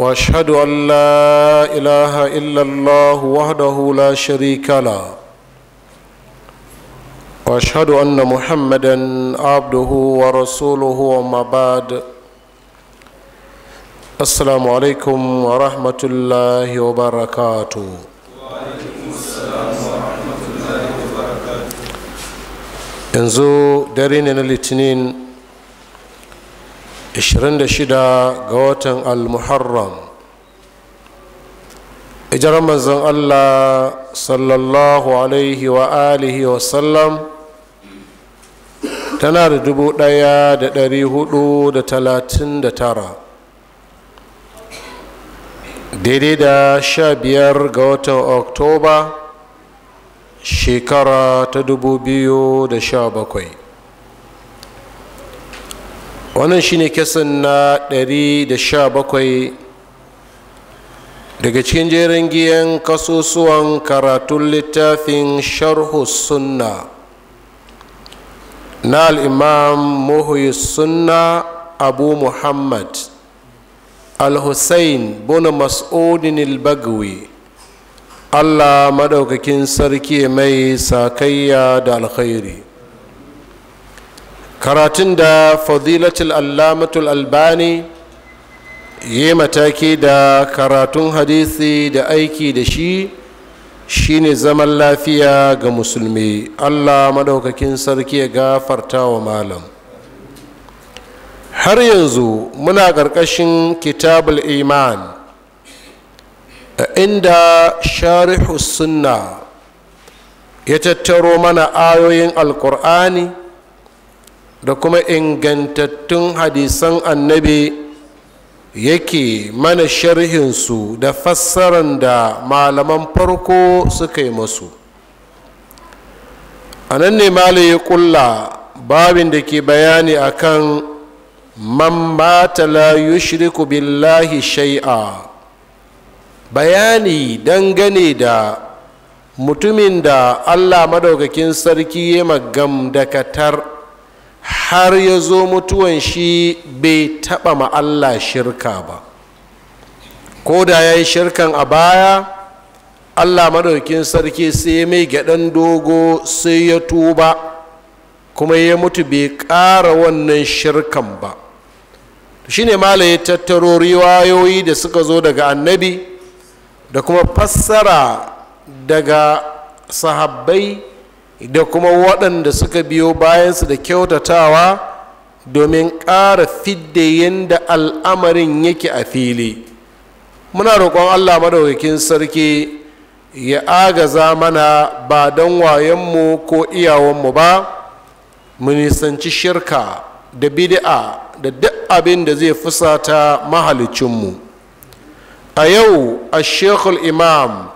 واشهد ان لا اله الا الله وحده لا شريك له واشهد ان محمدا عبده ورسوله وما بعد السلام عليكم ورحمه الله وبركاته yanzu dare ne na 26 ga watan al-muharram ijar manzon allah sallallahu alaihi wa alihi wa sallam tana da dubu daya da dari hudu da talatin da tara daidai da sha biyar ga watan oktoba shekara ta dubu biyu da sha bakwai wannan shine kisan na 117 daga cikin jerin giyan kasusuwan karatun littafin sharhu sunna na al'imam muhuyi sunna abu muhammad al-hussein buna mas'udin al allah maɗaukakin sarki mai sakayya da alkhairi karatun da fadilatul allamatul albani yi mataki da karatun hadisi da aiki da shi shine zaman lafiya ga musulmi allah maɗaukakin sarki ya gafarta wa malam har yanzu muna ƙarƙashin kitabul iman inda sharihu sunna ya tattaro mana ayoyin alkur'ani da kuma ingantattun hadisan annabi yake mana sharhinsu da fassaran da malaman farko suka yi masu a nan ne malai ya kulla babin da ke bayani akan man mata la yushriku billahi shai'a bayani dangane da mutumin da allah madaukakin sarki ya magam dakatar har ya zo mutuwan shi bai taɓa ma'alla shirka ba ko da ya yi shirkan a baya allah maɗaukin sarki sai ya mai gyaɗan dogo sai ya tuba kuma ya mutu bai ƙara wannan shirkan ba shine mala ya tattaro riwayoyi da suka zo daga annabi da kuma fassara daga sahabbai da kuma waɗanda suka biyo bayansu da kyautatawa domin ƙara fidda yadda al'amarin yake a fili muna roƙon allah madaukakin sarki ya agaza mana ba don wayonmu ko iyawanmu ba mu nisanci shirka da bid'a da duk abin da zai fusata mahalicinmu a yau a shekul imam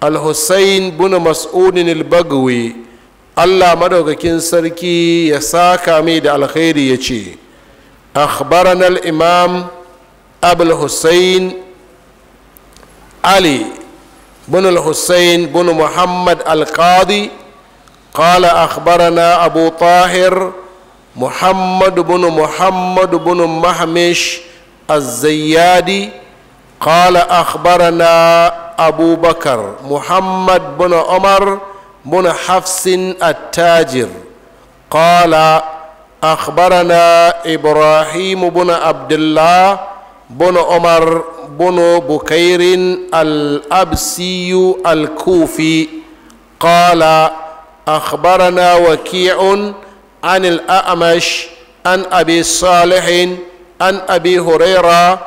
al-hussein bin mas'udin al bagwai allah madaukakin sarki ya saka mai da alkhairi ya ce akhbaranal imam abul hussein ali bin al-hussein bin muhammad al-qadi قال أخبرنا أبو طاهر محمد بن محمد بن محمش الزيادي قال أخبرنا أبو بكر محمد بن عمر بن حفص التاجر قال أخبرنا إبراهيم بن عبد الله بن عمر بن بكير الأبسي الكوفي قال أخبرنا وكيع عن الأعمش عن أبي صالح عن أبي هريرة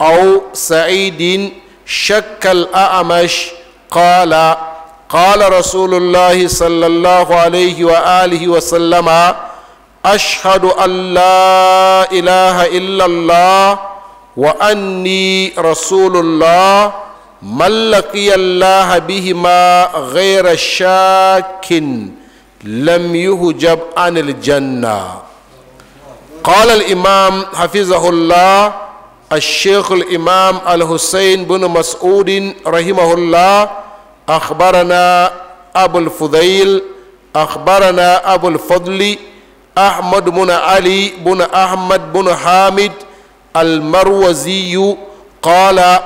أو سعيد شك الأعمش قال قال رسول الله صلى الله عليه وآله وسلم أشهد أن لا إله إلا الله وأني رسول الله من لقي الله بهما غير شاك لم يهجب عن الجنة قال الإمام حفظه الله الشيخ الإمام الحسين بن مسعود رحمه الله أخبرنا أبو الفضيل أخبرنا أبو الفضل أحمد بن علي بن أحمد بن حامد المروزي قال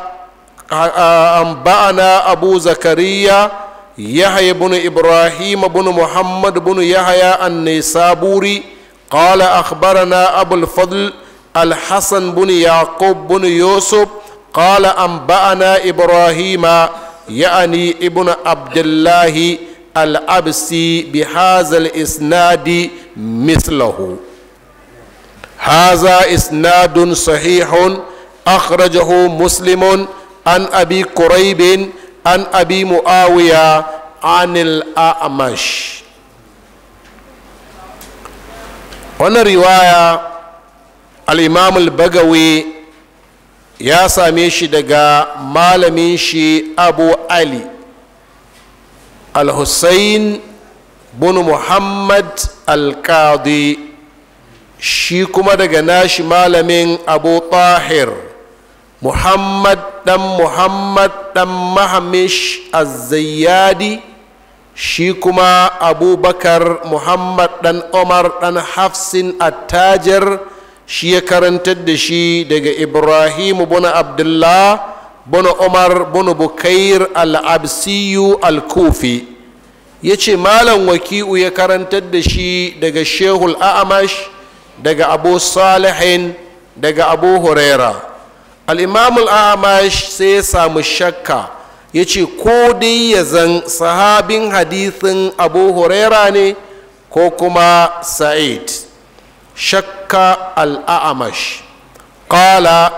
أنبأنا أبو زكريا يحيى بن إبراهيم بن محمد بن يحيى النيسابوري قال أخبرنا أبو الفضل الحسن بن يعقوب بن يوسف قال أنبأنا إبراهيم ya'ani ibn abdullahi al-absi bi isnadi mislahu haza isnadun sahihun akhrajahu muslimun an abi kuraibin an abi muawiya anil a'mash wannan riwaya al-imam bagawi ya same shi daga malamin shi abu ali al-hussein bin muhammad al-qadi shi kuma daga nashi malamin abu tahir muhammad dan muhammad dan mahamish az-zayyadi shi kuma abubakar muhammad dan umar dan hafsin attajar shi ya karantar da shi daga ibrahim bin abdullah bin umar bin bukair al-absiyu al-kufi ya ce malam waki'u ya karantar da shi daga shehul a'amash daga abu salihin daga abu huraira al a'amash sai ya samu shakka ya ce ko dai ya zan sahabin hadithin abu huraira ne ko kuma sa'id shakka al'amash ƙala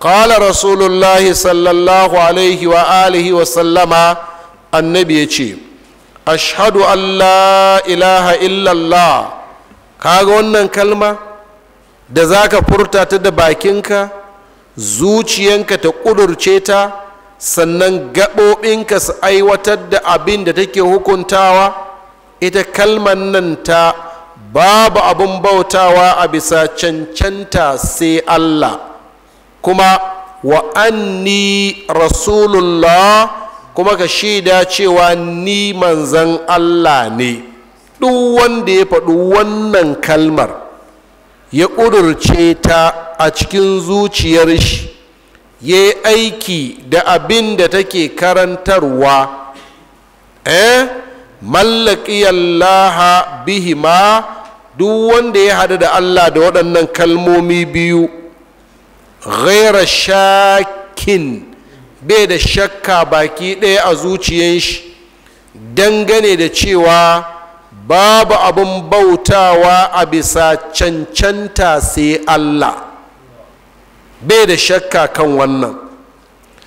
ƙala rasulullahi sallallahu alaihi wa alihi wa sallama annabi ya ce ashadu allah ilaha illallah kaga wannan kalma da zaka furta ta da bakinka zuciyanka ta ƙudurce ta sannan gaɓoɓinka su aiwatar da abin da take hukuntawa ita kalman nan ta babu abin bautawa a bisa cancanta sai Allah kuma wa anni rasulullah kuma ka shaida cewa ni manzan Allah ne duk wanda ya faɗi wannan kalmar ya ƙudurce ta a cikin zuciyar shi ya yi aiki da abin da take karantarwa eh mallaki Allah bihima duk wanda ya hadu da allah da waɗannan kalmomi biyu ghaira shakin bai da shakka baki ɗaya a zuciyar shi dangane da cewa babu abin bautawa a bisa cancanta sai allah bai da shakka kan wannan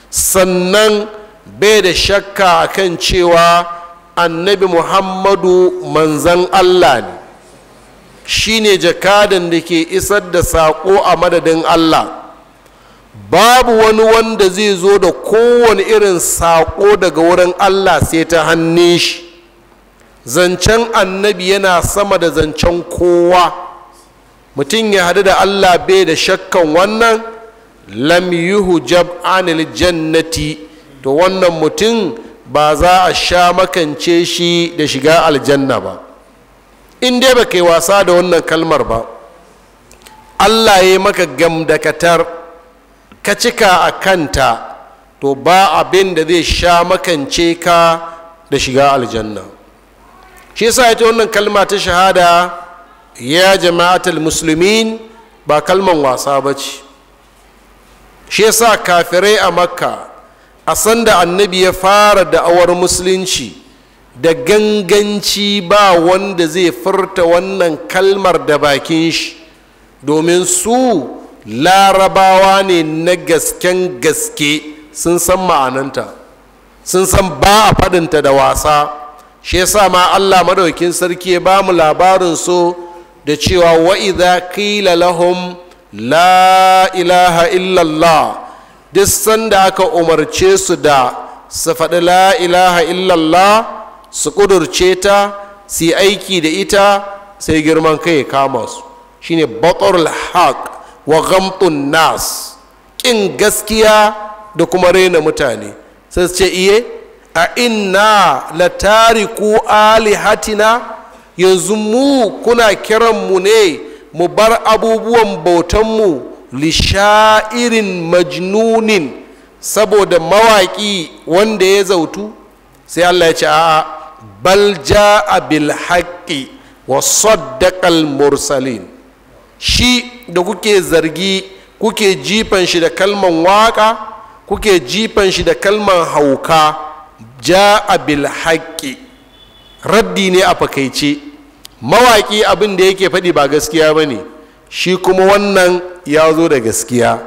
sannan bai da shakka kan cewa annabi muhammadu manzan allah ne shine jakadan da ke isar da saƙo a madadin allah babu wani wanda zai zo da kowane irin saƙo daga wurin allah sai ta hannu shi zancen annabi yana sama da zancen kowa mutum ya hadu da allah bai da shakkan wannan lam yuhjab anil jannati to wannan mutum ba za a sha makance shi da shiga aljanna ba in dai ba yi wasa da wannan kalmar ba allah ya maka gamdakatar ka cika a kanta to ba abin da zai sha makance ka da shiga aljanna shi yasa ita wannan kalma ta shahada ya jama'atul musulmin ba kalman wasa ba ce shi yasa kafirai a makka a sanda annabi ya fara da'awar musulunci da ganganci ba wanda zai furta wannan kalmar da bakin shi domin su larabawa ne na gasken gaske sun san ma'ananta sun san ba a faɗinta da wasa shi yasa ma allah madaukin sarki ya ba mu labarin so da cewa wa'iza qila lahum la ilaha illallah duk sanda aka umarce su da su faɗi la ilaha illallah su ƙudurce ta su yi aiki da ita sai girman kai kama su shine batarul haq wa gamtun nas ƙin gaskiya da kuma raina mutane sai ce iye a inna la tariku alihatina yanzu mu kuna kiran mu ne mu bar abubuwan bautanmu lisha'irin majnunin saboda mawaƙi wanda ya zautu sai allah ya ce a'a bal ja'a bil haqqi wa saddaqal mursalin shi da kuke zargi kuke jifan shi da kalman waka kuke jifan shi da kalman hauka ja'a bil haqqi raddi ne a fakaice mawaƙi abin da yake faɗi ba gaskiya ba ne shi kuma wannan ya zo da gaskiya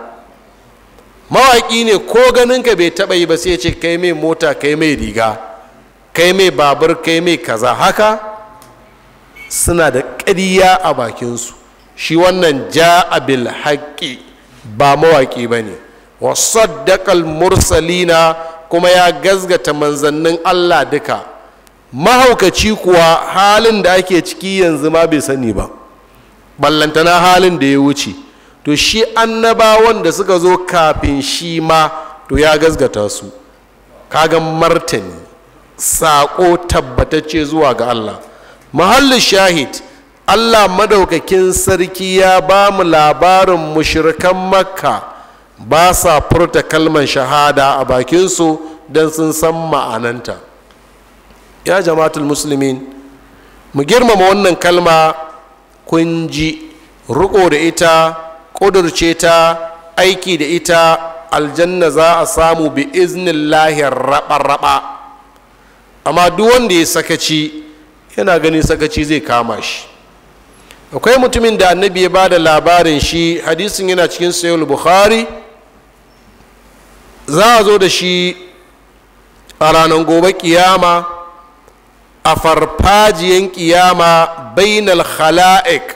mawaƙi ne ko ganin ka bai taɓa yi ba sai ce kai mai mota kai mai riga kai mai babur kai mai kaza haka suna da ƙarya a bakinsu shi wannan ja ja'abil haƙƙi ba mawaƙi ba ne wasaddaqal mursalina kuma ya gazgata manzannin Allah duka mahaukaci kuwa halin da ake ciki yanzu ma bai sani ba ballantana halin da ya wuce to shi annabawan da suka zo kafin shi ma to ya gazgata su kagan martani saƙo tabbatacce zuwa ga allah muhallin shahid allah madaukakin sarki ya ba mu labarin mushrikan makka ba sa furta kalman shahada a bakinsu don sun san ma'ananta ya jama'atul musulmin mu girmama wannan kalma kun ji riko da ita ƙudurce ta aiki da ita aljanna za a samu bi iznin lahir raba-raba amma duk wanda ya sakaci yana ganin sakaci zai kama shi akwai mutumin da annabi ya ba da labarin shi hadisin yana cikin sayul buhari za a zo da shi a ranar gobe kiyama a farfajiyan kiyama bainal khala'ik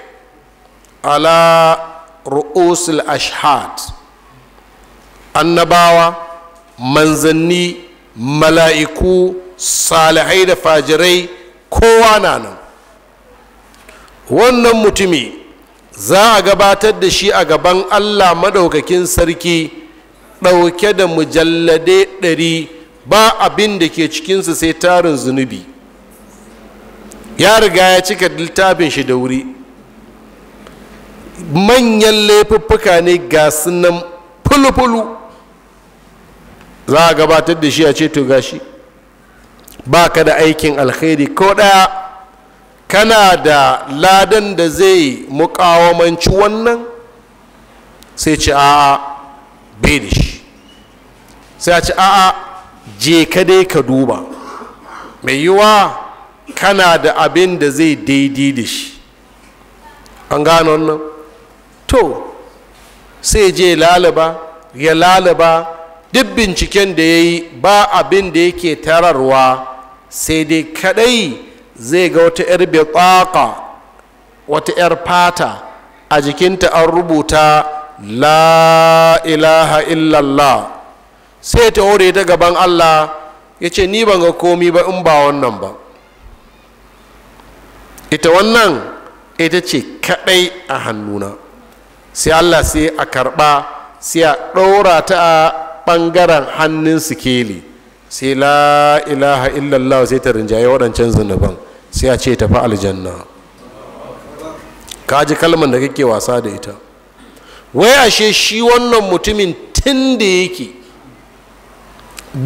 ala ru'usul ashhad annabawa manzanni mala'iku salihai da fajirai kowa na nan wannan mutumi za a gabatar da shi a gaban allah maɗaukakin sarki ɗauke da mujallade ɗari ba abin da ke cikinsu sai tarin zunubi ya riga ya cika littafin shi da wuri manyan laifuffuka ne ga nan fulufulu za a gabatar da shi a ce to gashi ba ka da aikin alkhairi ko ɗaya kana da ladan da zai mukawamanci wannan sai ci a, bai da shi sai a je ka dai ka duba mai yiwa kana da abin da zai daidai da shi an gano wannan to sai je lalaba ya lalaba duk binciken da ya yi ba abin da yake tararwa seyde kaɗay zega wata er bitaqa wata er pata a jikinta an rubuta la ilaha illallah sey ta ore ta gaban allah ya ce ni ban ga komi ba in ba wannan ba ita wannan ita ce kaɗai a hannuna sai allah sai a karɓa sai a ɗora ta a ɓangaren hannun sikeli keli sai la ilaha illallah sai ta rinjaye waɗancan zunuban sai a ce tafi aljanna ka ji kalmar da kake wasa da ita wai ashe shi wannan mutumin tun da yake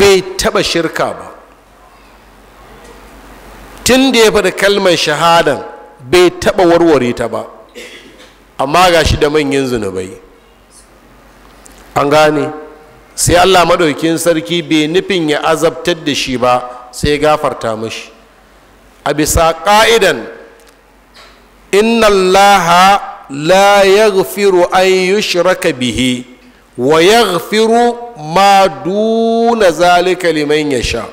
bai taba shirka ba tun da ya faɗi kalmar shahadan bai taɓa warware ta ba amma ga shi da manyan zunubai an gane sai allah maɗaukin sarki bai nufin ya azabtar da shi ba sai gafarta mashi a bisa ƙa'idan inna allah la gafiru an yushraka bihi wa gafiru ma duna zalika liman sha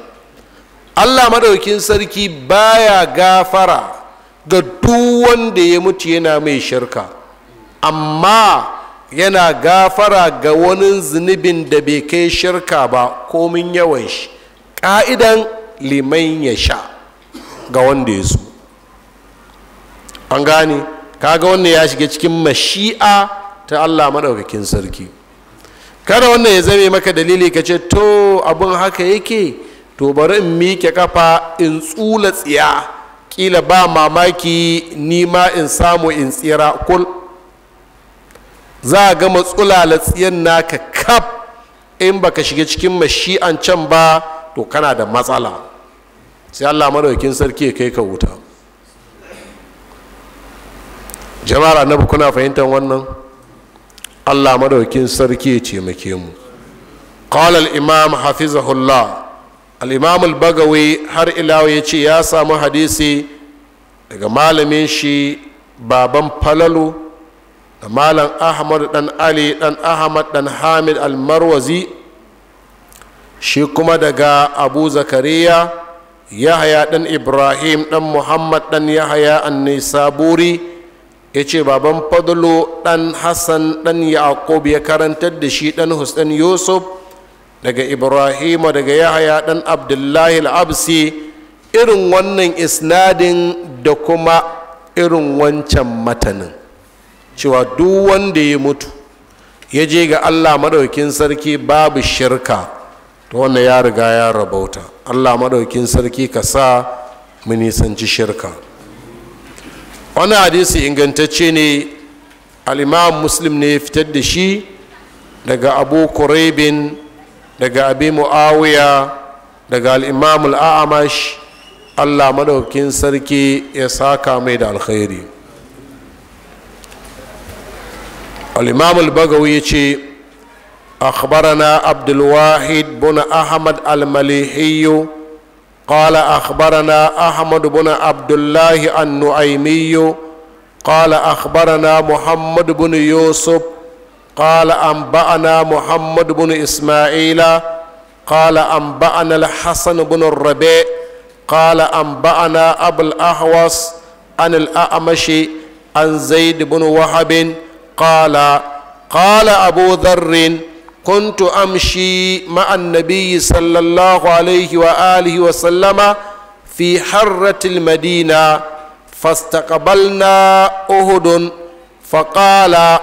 allah maɗaukin sarki baya gafara ga duk wanda ya mutu yana mai shirka amma yana gafara ga wani zunubin da bai kai shirka ba komin yawan shi ƙa'idan liman ya sha ga wanda ya so an gane kaga wannan ya shiga cikin mashi'a ta allah maɗaukakin sarki kada wannan ya zame maka dalili ka ce to abin haka yake to bari in miƙe kafa in tsula tsiya ƙila ba mamaki nima in samu in tsira kul za a gama tsiyan naka kaf in baka shiga cikin mashi'an can ba to kana da matsala sai allah madaukin sarki kai ka wuta jama'ar annabi kuna fahimtar wannan allah madaukin sarki ya ce muke mu al hafizahullah al-imam al-bagawi har ilawa ya ce ya samu hadisi daga malamin shi baban falalu da malam ahmad dan ali dan ahmad dan hamid almarwazi shi kuma daga abu zakariya yahaya dan ibrahim dan muhammad dan yahaya annisaburi ya ce baban fadlo dan hassan dan yaqub ya karantar da shi dan hussein yusuf daga ibrahima daga yahaya dan abdullahi al'absi irin wannan isnadin da kuma irin wancan matanin cewa duk wanda ya mutu ya je ga allah maɗaukin sarki babu shirka to wannan ya riga ya rabauta allah maɗaukin sarki ka sa mu nisanci shirka wani hadisi ingantacce ne al'imam muslim ne ya fitar da shi daga abu kuraibin daga abi mu'awiya daga al'imam al'amash allah maɗaukin sarki ya saka mai da alkhairi الإمام البغوي يشي أخبرنا عبد الواحد بن أحمد المليحي قال أخبرنا أحمد بن عبد الله النعيمي قال أخبرنا محمد بن يوسف قال أنبأنا محمد بن إسماعيل قال أنبأنا الحسن بن الربيع قال أنبأنا أبو الأحوص عن الأعمش عن زيد بن وهب قال قال أبو ذر كنت أمشي مع النبي صلى الله عليه وآله وسلم في حرة المدينة فاستقبلنا أهد فقال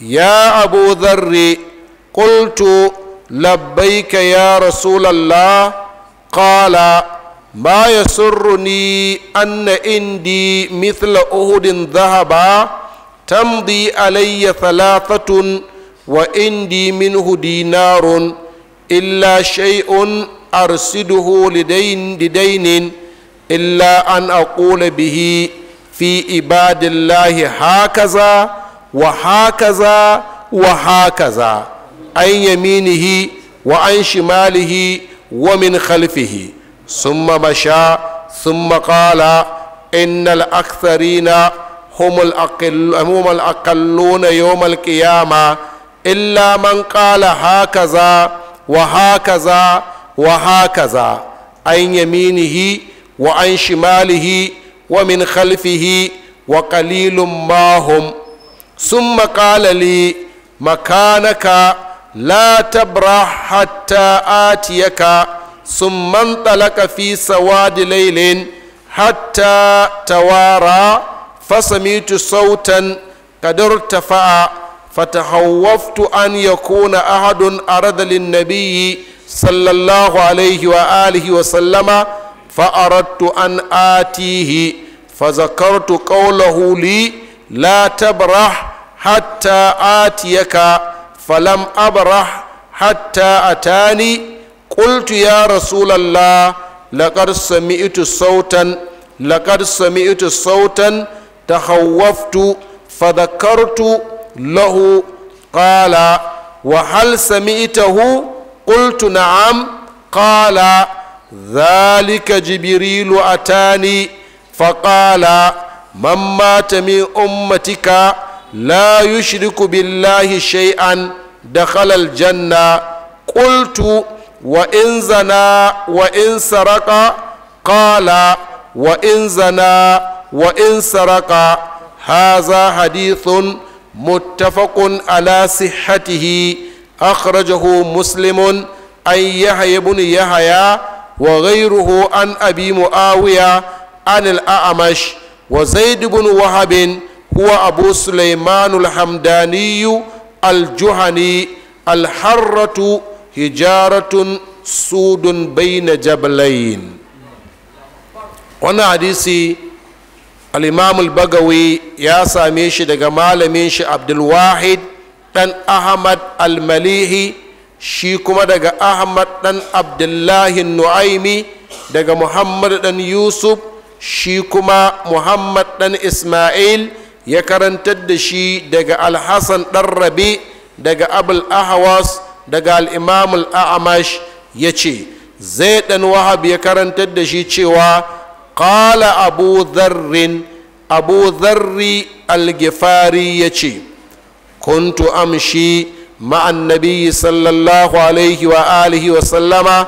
يا أبو ذر قلت لبيك يا رسول الله قال ما يسرني أن عندي مثل أهد ذهبا tamdi alayya thalathatun wa indi minhu illa shai'un arsiduhu lidainin illa an aƙula bihi fi ibadillahi hakaza wa hakaza wa hakaza an yaminihi wa an shimalihi wa min khalfihi summa masha summa qala innal aktharina humul aqalluna yawmal qiyama illa man qala hakaza wa hakaza wa hakaza an yaminihi wa an shimalihi wa min khalfihi wa kalilun ma sun summa qala li makanaka la tabrah hatta atiyaka summa antalaka fi sawadi laylin hatta tawara fasamitu sautan kadar tafa'a fatahawwaftu an yakuna ahadun arada nabiyyi, sallallahu alaihi wa alihi wa sallama fa'aradtu an atihi fazakartu qawlahu li la tabrah hatta atiyaka falam abrah hatta a atani qultu ya rasulallah laqad sami'tu sautan laqad sami'tu sautan تخوفت فذكرت له قال وهل سمعته قلت نعم قال ذلك جبريل أتاني فقال من مات من أمتك لا يشرك بالله شيئا دخل الجنة قلت وإن زنا وإن سرق قال وإن زنا wa in saraka haza hadithun muttafaqun ala sihhatihi akhrajahu muslimun an yahya ibn yahya wa ghayruhu an abi muawiya an al-a'mash wa zaid ibn wahab huwa abu sulaiman al-hamdani al-juhani al-harratu hijaratun sudun bayna jabalain wannan hadisi al'imamul bagawi ya same shi daga malamin shi abdulwahid dan ahmad almalihi shi kuma daga ahmad dan abdullahi nu'aimi daga muhammad dan yusuf shi kuma muhammad dan ismail ya karantar da shi daga alhassan ɗan rabi daga abul ahawas daga al'imamul a'amash ya ce zai dan wahab ya karantar da shi cewa qala abu dharrin abu dharri algifari ya ce kuntu amshi ma'an sallallahu alaihi wa alihi wa sallama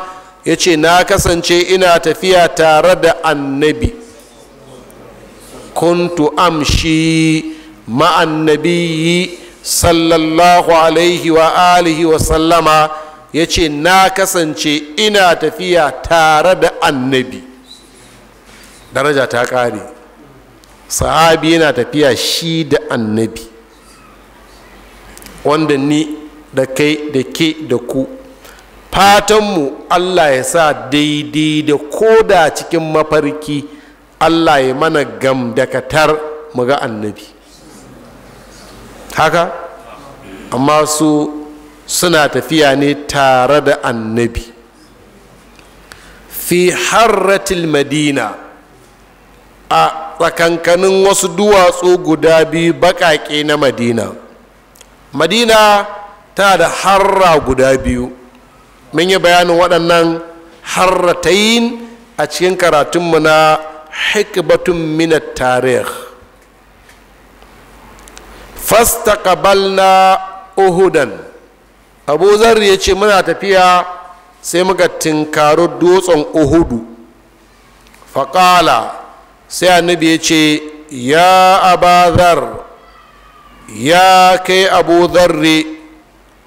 ya na kasance ina tafiya tare da annabi kuntu amshi ma'an sallallahu alaihi wa alihi wa sallama ya na kasance ina tafiya tare da annabi daraja ta ƙare sahabi yana tafiya shi da annabi wanda ni da kai da ke da ku fatanmu allah ya sa daidai da ko da cikin mafarki allah ya mana gam dakatar mu ga annabi haka amma su suna tafiya ne tare da annabi fi harratil madina a tsakankanin wasu duwatsu guda biyu baƙaƙe na madina madina ta da harra guda biyu mun yi bayanin waɗannan harratayin a cikin karatunmu na hikbatun minat tarih na uhudan abu zarri ya ce muna tafiya sai muka tinkaro dutsen uhudu faƙala sai annabi ya ce ya abazar ya kai abu zarre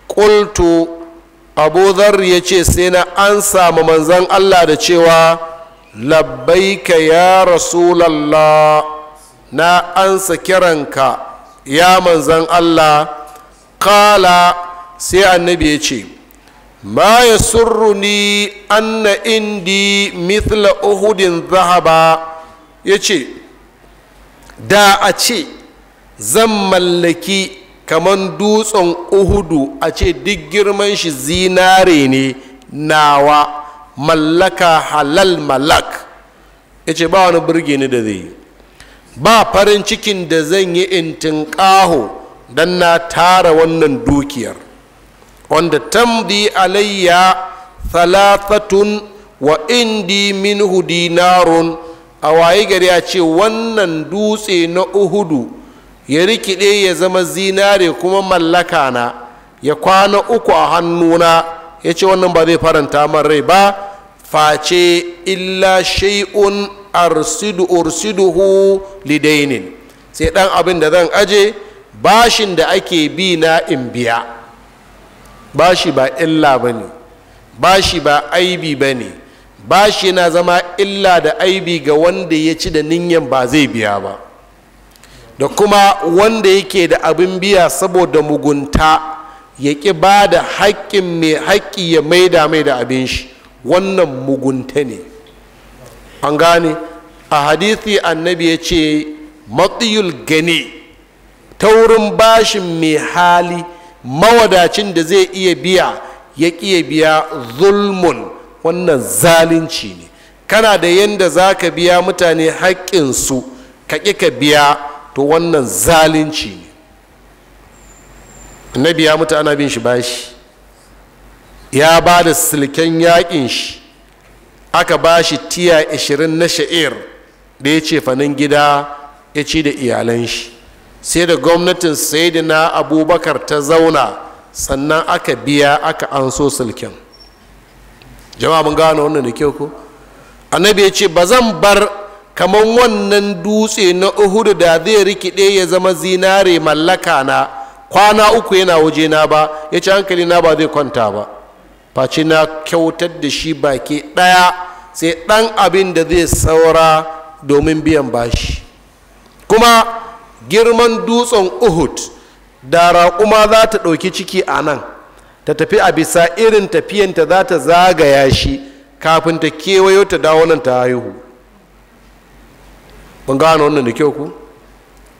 ƙultu abu zarre ya ce sai na an samu manzan allah da cewa labbaika ya rasulallah na ansa kiranka ya manzan allah kala sai annabi ya ce ma ya surruni anna indi mithla uhudin zahaba ya ce da a ce zan mallaki kamar dutsen uhudu a ce duk girman shi zinare ne nawa mallaka halal malak ya ce ba wani birge ni da zai yi ba farin cikin da zan yi intin ƙaho don na tara wannan dukiyar wanda tamdi alayya thalathatun wa indi min hudinarun. a waye gari ya ce wannan dutse na uhudu ya rikide ya zama zinare kuma mallaka na ya kwana uku a hannuna ya ce wannan ba zai faranta man rai ba face illa shay'un arsidu ursiduhu lidainin sai dan abin da zan aje bashin da ake bi na in biya bashi ba illa ba ne bashi ba aibi ba bashi na zama illa da aibi ga wanda ya ci da ninyan ba zai biya ba da kuma wanda yake da abin biya saboda mugunta ya ƙi ba da haƙƙin mai haƙƙi ya maida mai da abin shi wannan mugunta ne an gane a hadithi annabi ya ce matsiyul gani taurin bashin mai hali mawadacin da zai iya biya ya ƙi biya zulmun wannan zalunci ne kana da yadda za ka biya mutane haƙƙinsu ka ƙi ka biya to wannan zalunci ne Na biya mutu ana bin shi bashi ya ba da silken yaƙin shi aka ba shi tiya 20 na sha'ir da ya ce fanin gida ya ci da iyalan shi sai da gwamnatin sayidina abubakar ta zauna sannan aka biya aka anso so silken jama'a mun gano wannan da kyau ko annabi ya ce ba zan bar kamar wannan dutse na uhud da zai rikide ya zama zinare mallaka na kwana uku yana waje na ba ya ci hankali na ba zai kwanta ba face na kyautar da shi baki ɗaya sai ɗan abin da zai saura domin biyan bashi kuma girman dutsen uhud da raƙuma za ta ɗauki ciki a nan ta tafi a bisa irin tafiyanta za ta zagaya shi kafin ta kewayo ta dawo nan ta haihu ban gano wannan da kyau ku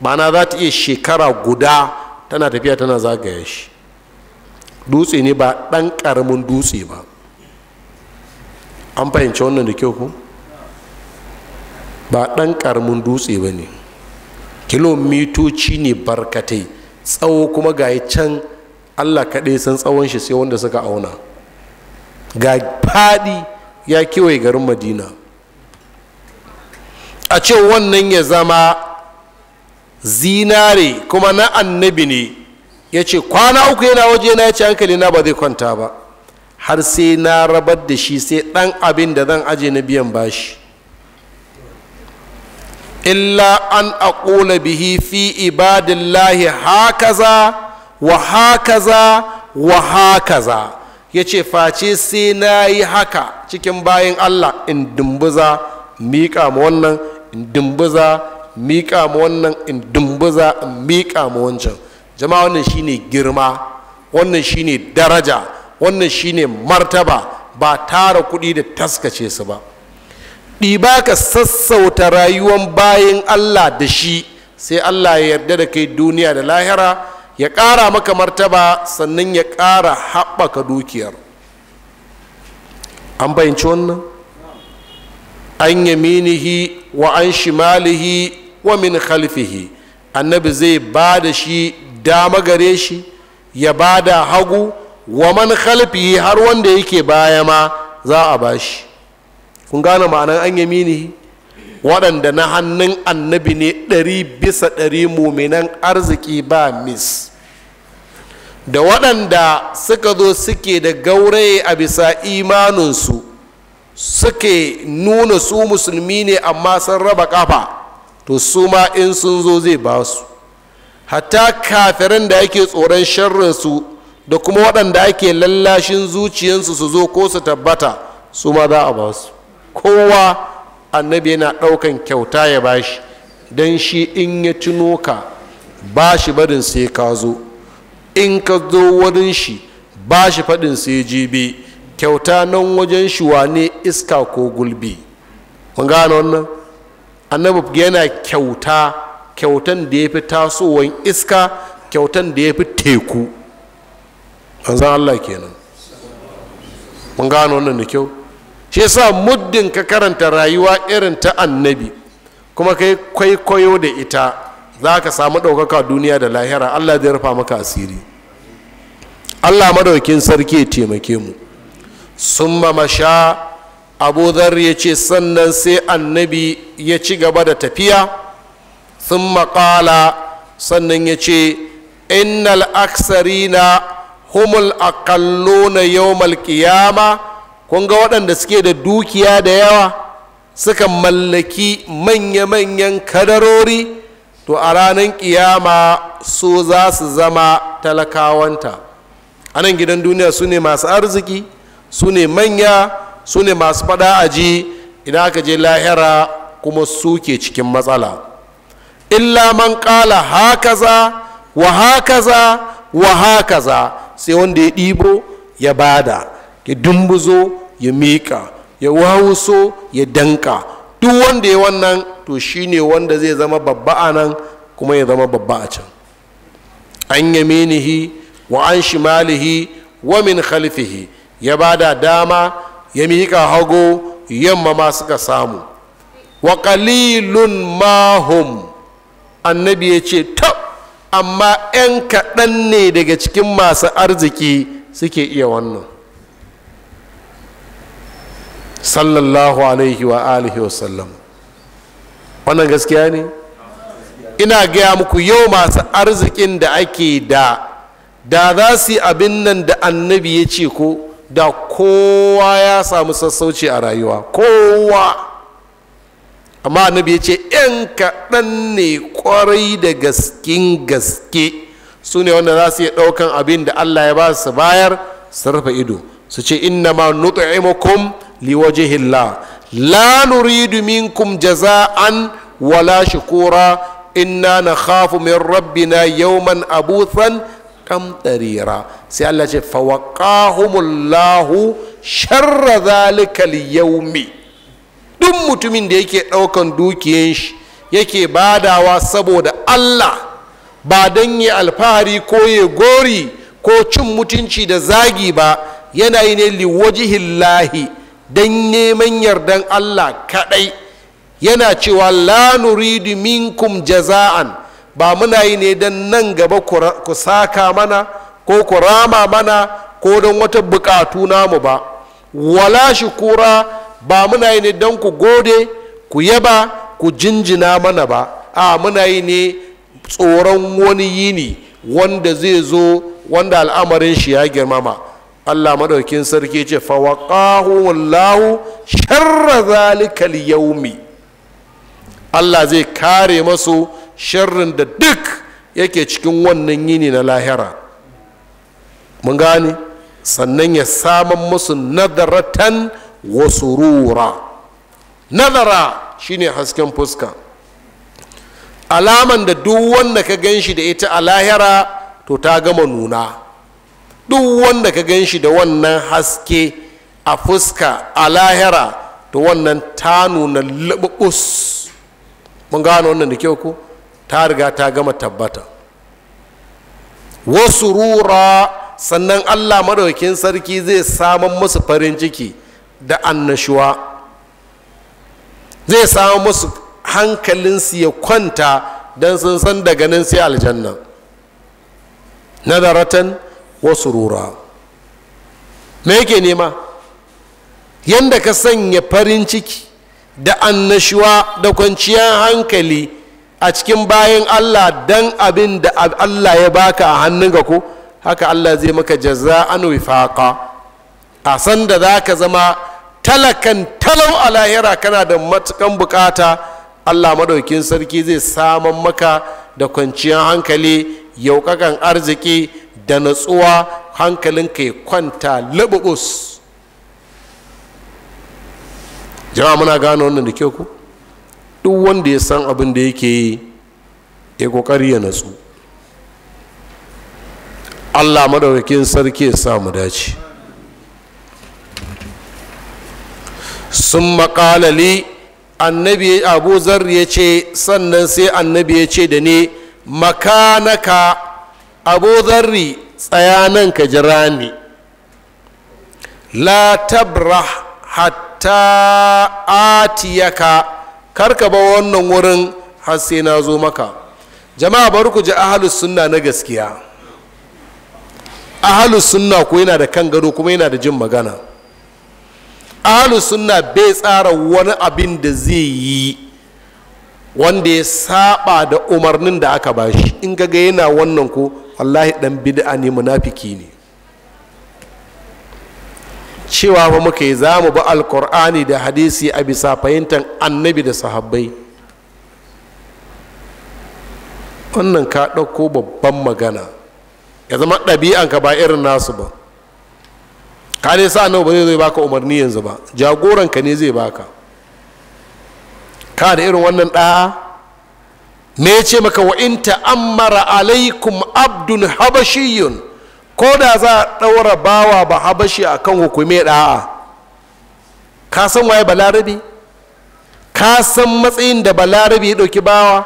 ma'ana za ta iya shekara guda tana tafiya tana zagaya shi dutse ne ba ɗan ƙaramin dutse ba an fahimci wannan da kyau ku ba ɗan ƙaramin dutse ba ne kilomitoci ne barkatai tsawo kuma ga can allah kaɗai san tsawon shi sai wanda suka auna ga faɗi ya kewaye garin madina a ce wannan ya zama zinare kuma na annabi ne ya ce kwana uku yana waje na ya ce hankali na ba zai kwanta ba har sai na rabar da shi sai ɗan abin da zan aje na biyan bashi illa an aƙula bihi fi ibadillahi hakaza wa hakaza wa hakaza ya ce face sai na yi haka cikin bayan allah in dumbuza miƙa ma wannan in dumbuza miƙa ma wannan in dumbuza miƙa ma wancan jama'a wannan shine girma wannan shine daraja wannan shine martaba ba tara kuɗi da taskace su ba ɗiba ka sassauta rayuwan bayan allah da shi sai allah ya yarda da kai duniya da lahira ya ƙara maka martaba sannan ya ƙara haɓaka dukiyar an bayanci wannan an yaminihi wa an shimalihi wa min khalfihi annabi zai ba da shi dama gare shi ya ba da hagu wa man khalfihi har wanda yake baya ma za a ba shi kun gane ma'anar an yaminihi waɗanda na hannun annabi ne ɗari bisa ɗari muminan arziki ba mis da waɗanda suka zo suke da gauraye a bisa imaninsu suke nuna su musulmi ne amma sun raba kafa to su ma in sun zo zai ba su hatta kafirin da ake tsoron sharrinsu da kuma waɗanda ake lallashin zuciyarsu su zo ko su tabbata su ma za a ba su kowa annabi yana ɗaukan kyauta ya bashi don shi in ya tuno ka ba shi barin sai ka zo in ka zo wurin shi ba shi faɗin sai jibi kyauta nan wajen shi wane iska ko gulbi mun wannan annabi yana kyauta kyautan da ya fi tasowar iska kyautan da ya fi teku manzan allah kenan mun wannan da kyau shi yasa muddin ka karanta rayuwa irin ta annabi kuma kai kwaikwayo da ita za ka samu ɗaukaka duniya da lahira allah zai rufa maka asiri allah madaukin sarki ya taimake mu sun masha abu zar ya ce sannan sai annabi ya ci gaba da tafiya sun maƙala sannan ya ce innal aksarina humul na yau qiyama kun ga waɗanda suke da dukiya da yawa suka mallaki manya-manyan kadarori to a ranar kiyama su za su zama talakawanta a nan gidan duniya su ne masu arziki su ne manya su ne masu fada aji idan aka je lahira kuma su ke cikin matsala illa man kala hakaza wa hakaza wa hakaza sai wanda ya ɗibo ya bada ki dumbuzo ya miƙa ya wawuso ya danka duk wanda ya wannan to shine wanda zai zama babba a nan kuma ya zama babba a can an yaminihi wa an shimalihi wa min khalfihi ya bada dama ya miƙa hago yamma ma suka samu wa qalilun mahum annabi ya ce ta, amma 'yan kaɗan ne daga cikin masu arziki suke iya wannan sallallahu alaihi wa alihi wa sallam wannan gaskiya ne ina gaya muku yau masu arzikin da ake da da za su yi abin nan da annabi ya ce ko da kowa ya samu sassauci a rayuwa kowa amma annabi ya ce yan kaɗan ne kwarai da gaskin gaske su ne wanda za su iya ɗaukan abin da allah ya ba su bayar su rufe ido su ce inna ma nut'imukum liwajihillah la nuridu minkum jaza'an wala shukura inna na khafu min rabbina yawman abuthan kamtarira sai Allah ce fawaqahumullahu sharra zalika yaumi duk mutumin da yake ɗaukan dukiyan shi yake badawa saboda Allah ba don yi alfahari ko ya ko cin mutunci da zagi ba yana li ne liwajihillahi don neman yardan allah kaɗai yana cewa la nuridu minkum jaza'an ba muna yi ne don nan gaba ku saka mana ko ku rama mana ko don wata bukatu namu ba wala shukura ba muna yi ne don ku gode ku yaba ku jinjina mana ba a muna yi ne tsoron wani yini wanda zai zo wanda al'amarin shi ya girmama allah maɗaukin sarki ce fawaƙahu wallahu sharra zalikal yaumi allah zai kare masu sharrin da duk yake cikin wannan yini na lahira mun gane sannan ya saman musu nadaratan wasu surura nadara shine hasken fuska alaman da duk wanda ka gan shi da ita a lahira to ta gama nuna duk wanda ka gan shi da wannan haske a fuska a lahira da wannan ta nuna lababus mun gano wannan da kyau ko ta riga ta gama tabbata wasu rura sannan allah madaukin sarki zai samun musu farin ciki da annashuwa zai samun musu hankalinsu ya kwanta don sun san daga nan sai aljanna nazaratan wasu rura me yake nema yadda ka sanya farin ciki da annashuwa da kwanciyar hankali a cikin bayan allah dan abin da allah ya baka a hannunka ko haka allah zai maka jaza'an wifaqa a san da za ka zama talakan talau a kana da matukan bukata allah madaukin sarki zai saman maka da kwanciyar hankali yaukakan arziki da natsuwa hankalinka ya kwanta lababus jama'a muna gano wannan da kyau ku duk wanda ya san abin da yake yi ya kokari ya natsu allah madaukakin sarki ya samu dace sun makalali annabi abu zar ya ce sannan sai annabi ya ce da ni makanaka abu zarri tsaya nan ka jira ni la tabra hatta atiyaka karka ba wannan wurin har sai na zo maka jama'a bari ku ji ahalus sunna na gaskiya ahalus sunna ko yana da kan gado kuma yana da jin magana ahalus sunna bai tsara wani abin da zai yi wanda ya saba da umarnin da aka bashi in ga yana wannan ko wallahi dan bid'a ne munafiki ne cewa ba muka yi za mu ba alkur'ani da hadisi a bisa fahimtar annabi da sahabbai wannan ka ɗauko babban magana ya zama ɗabi'anka ba irin nasu ba ka ne sa annabi ba zai zai baka umarni yanzu ba jagoranka ne zai baka ka da irin wannan ɗaya. me ya ce maka wa in ta'ammara alaikum abdun habashiyun ko da za a ɗaura bawa ba habashi a kan hukume ɗa'a ka san waye balarabi ka san matsayin da balarabi ya ɗauki bawa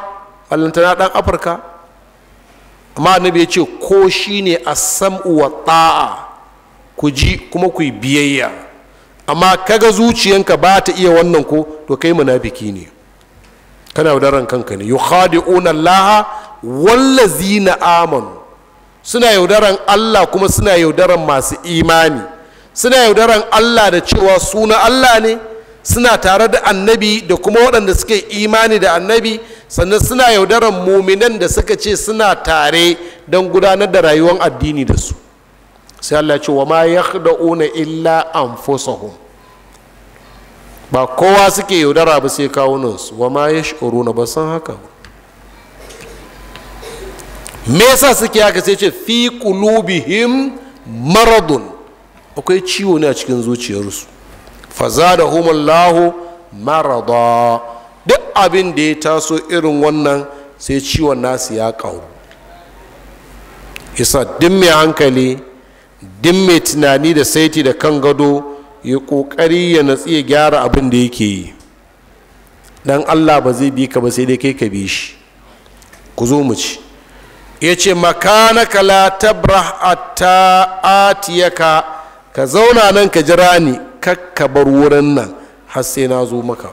ballantana ɗan afirka amma annabi ya ce ko shi ne a sam uwa ɗa'a ku ji kuma ku yi biyayya amma kaga zuciyanka ba ta iya wannan ko to kai biki ne kana yaudaran kanka ne yukhadi'una allaha wallazina amanu suna yaudaran Allah kuma suna yaudaran masu imani suna yaudaran Allah da cewa suna Allah ne suna tare da annabi da kuma waɗanda suke imani da annabi sannan suna yaudaran muminan da suka ce suna tare don gudanar da rayuwar addini da su sai Allah ce wa ma yakhda'una illa anfusahum ba kowa suke yaudara ba sai kawunansu wa ma ya shi'uru na san haka me yasa suke haka sai ce fi qulubihim maradun akwai ciwo ne a cikin zuciyarsu Faza da fazadahumullahu marada duk abin da ya taso irin wannan sai ciwon nasu ya ƙaru isa duk mai hankali duk mai tunani da saiti da kan gado ya ƙoƙari ya natsi ya gyara abin da yake yi dan allah ba zai bi ka ba sai dai kai ka bi shi ku zo mu ci ya ce makanaka la tabrah atta atiyaka ka zauna nan ka jira ni ka bar wurin nan har sai na zo maka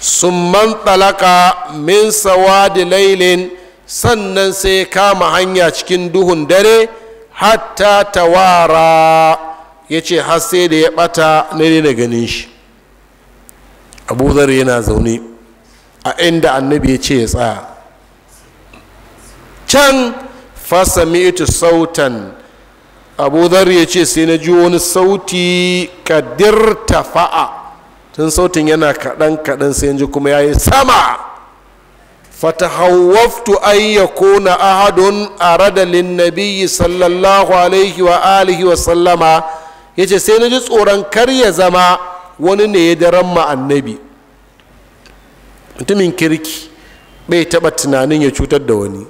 sun talaka min sawadi lailin sannan sai kama hanya cikin duhun dare hatta tawara ya ce har sai da ya ɓata na daina ganin shi abu zar yana zaune a inda annabi ya ce ya tsaya can fasa mita sautan abu zar ya ce sai na ji wani sauti kadir fa’a tun sautin yana kaɗan kaɗan sai ji kuma ya yi sama fatahawaftu an ya kona ahadun a radalin nabi sallallahu alaihi wa alihi wa sallama ya ce sai na ji tsoron kar ya zama wani ne ya daren ma annabi mutumin kirki bai taɓa tunanin ya cutar da wani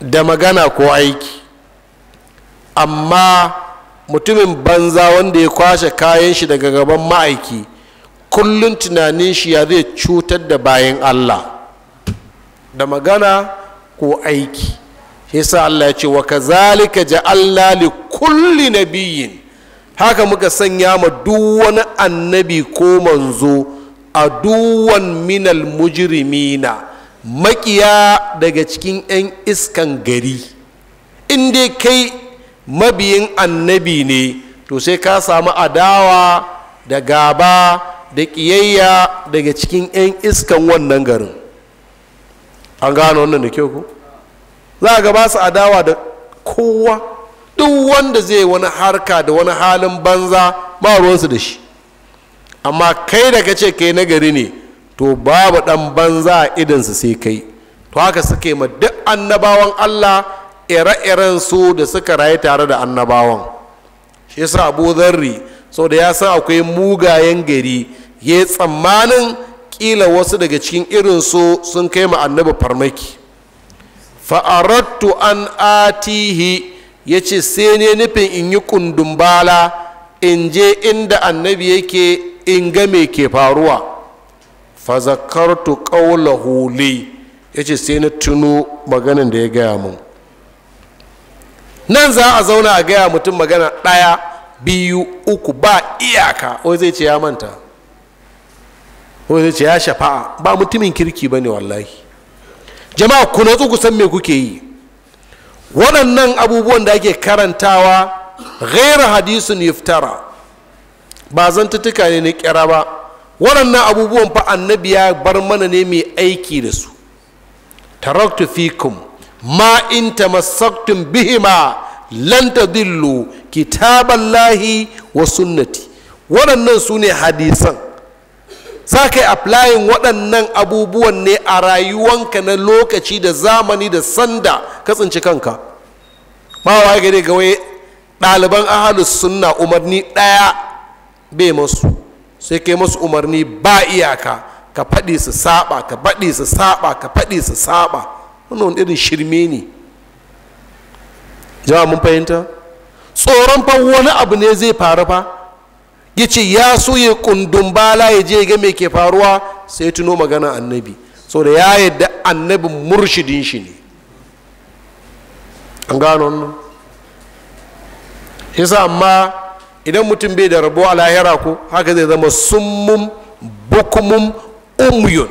da magana ko aiki amma mutumin banza wanda ya kwashe kayan shi daga gaban ma'aiki kullum tunanin shi ya zai cutar da bayan allah da magana ko aiki shi sa allah ya ce wa kazalika ji li kulli nabiyyin haka muka sanya ma duk wani annabi ko manzo a duwan minal mujirimina makiya daga cikin 'yan iskan gari inda kai mabiyin annabi ne to sai ka samu adawa da gaba da ƙiyayya daga cikin 'yan iskan wannan garin an gano wannan da kyau ku za a gaba su adawa da kowa duk wanda zai wani harka da wani halin banza ba ruwansu da shi amma kai da kace kai na gari ne to babu dan banza a idansu sai kai to haka suke ma duk annabawan allah ire-iren su da suka rayu tare da annabawan shi yasa abu zarri sau da ya san akwai mugayen gari ya tsammanin kila wasu daga cikin irin su sun kai ma annabi farmaki fa'arattu an atihi ya ce sai ne nufin in yi kundumbala in je inda annabi yake in ga me ke faruwa fazakartu qawlahu hule ya ce sai na tuno maganin da ya gaya mun nan za a zauna a gaya mutum magana ɗaya biyu uku ba iyaka wai zai ce ya manta wai zai ce ya shafa'a ba mutumin kirki ba ne wallahi jama'a ku natsu ku san me kuke yi waɗannan abubuwan da ake karantawa ghaira hadisun yuftara ba zantattuka ne na kira ba waɗannan abubuwan fa annabi ya bar mana ne mai aiki da su taraktu fikum ma in tamassaktum bihima lan tadillu kitaballahi wa sunnati waɗannan su ne hadisan za ka yi aflayin waɗannan abubuwan ne a rayuwanka na lokaci da zamani da sanda ka tsinci kanka ba wa gare ga wai ɗaliban ahalus sunna umarni ɗaya bai masu sai kai masu umarni ba iyaka ka faɗi su saba ka faɗi su saba ka faɗi su saba wannan irin shirme ne jama'a mun fahimta tsoron fa wani abu ne zai faru fa ya ya so ya bala ya je ga me ke faruwa sai tuno magana annabi so da ya yadda annabin murshidin shi ne an gano nan yasa amma idan mutum bai da rabo a lahira ko haka zai zama summun bukumun umyun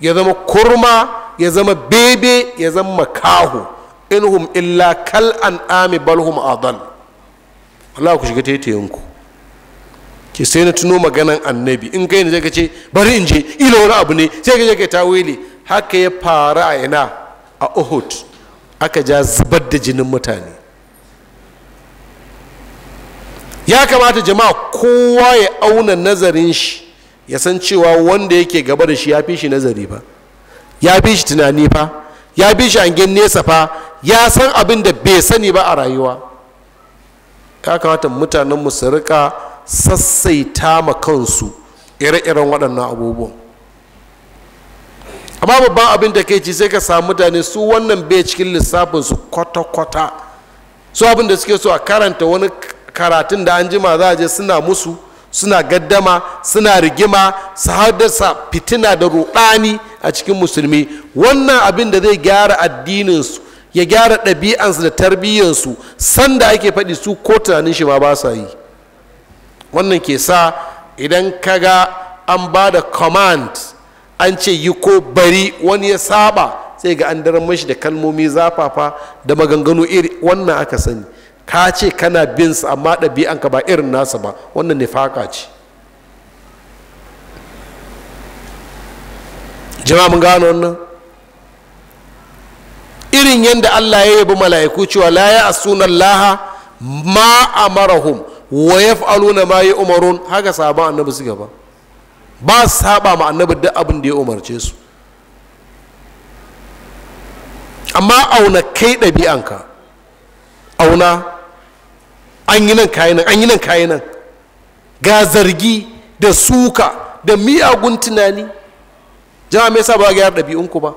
ya zama kurma ya zama bebe ya zama makahu inhum illa kal an ami balhum adal Allah ku shiga taitayenku ke sai na tuno maganan annabi in kai ne zai ka ce bari in je ila wani abu ne sai ka je ka tawili haka ya faru a ina a uhud aka ja zubar da jinin mutane ya kamata jama'a kowa ya auna nazarin shi ya san cewa wanda yake gaba da shi ya fi shi nazari ba ya fi shi tunani fa ya fi shi hangen nesa fa ya san abin da bai sani ba a rayuwa ya kamata mutanenmu su rika sassaita ma kansu ire-iren waɗannan abubuwan amma babban abin da ke ci sai ka samu mutane su wannan bai cikin lissafin su kwata-kwata su abin da suke so a karanta wani karatun da an jima za a je suna musu suna gaddama suna rigima su haddasa fitina da ruɗani a cikin musulmi wannan abin da zai gyara addininsu ya gyara ɗabi'ansu da tarbiyyansu sanda ake faɗi su ko tunanin shi ma ba sa yi wannan ke sa idan kaga an ba da command an ce yi ko bari wani ya saba sai ga an daren mashi da kalmomi zafafa da maganganu iri wannan aka sani ka ce kana bin su amma ɗabi'anka ba irin nasa ba wannan nifaka ce jama'a mun gano wannan irin yadda allah ya yabi mala'iku cewa la ya asunan laha ma amarahum wa na ma umarun haka sahaban annabi suka ba ba saba ma annabi duk abin da ya umarce su amma auna kai ɗabi'anka auna an yi nan kayi nan an yi nan kayi nan ga zargi da suka da miyagun tunani jama mai ba ga yar ɗabi'unku ba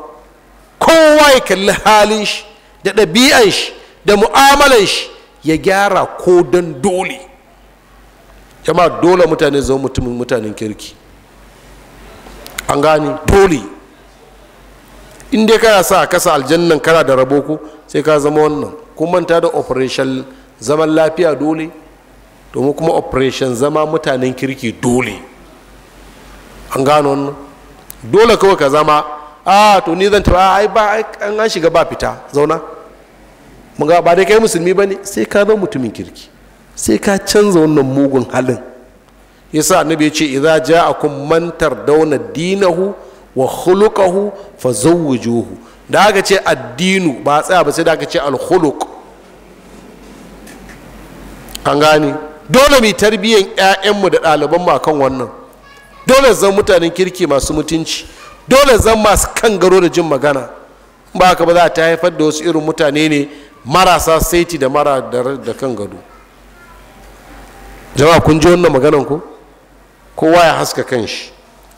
kowa ya kalli halin shi da ɗabi'an shi da mu'amalan shi ya gyara ko don dole jama dole mutane zama mutumin mutanen kirki an gane dole in dai kana sa kasa aljannan kana da rabo ko sai ka zama wannan kun manta da operation zaman lafiya dole domin kuma operation zama mutanen kirki dole an gano wannan dole kawai ka zama a to ni zan taba ai ba an shiga ba fita zauna mun ga ba dai kai musulmi ne sai ka zama mutumin kirki sai ka canza wannan mugun halin yasa annabi ya ce idza ja'akum man tardawna dinahu wa khuluquhu fazawwijuhu da aka ce addinu ba tsaya ba sai da aka ce alkhuluq an gane dole mu tarbiyyan ƴaƴanmu da ɗalibanmu akan wannan dole zan mutanen kirki masu mutunci dole zan masu kan garo da jin magana ba haka ba za ta haifar da wasu irin mutane ne marasa saiti da mara da kan gado jama'a kun ji wannan maganan ko kowa ya haska kan shi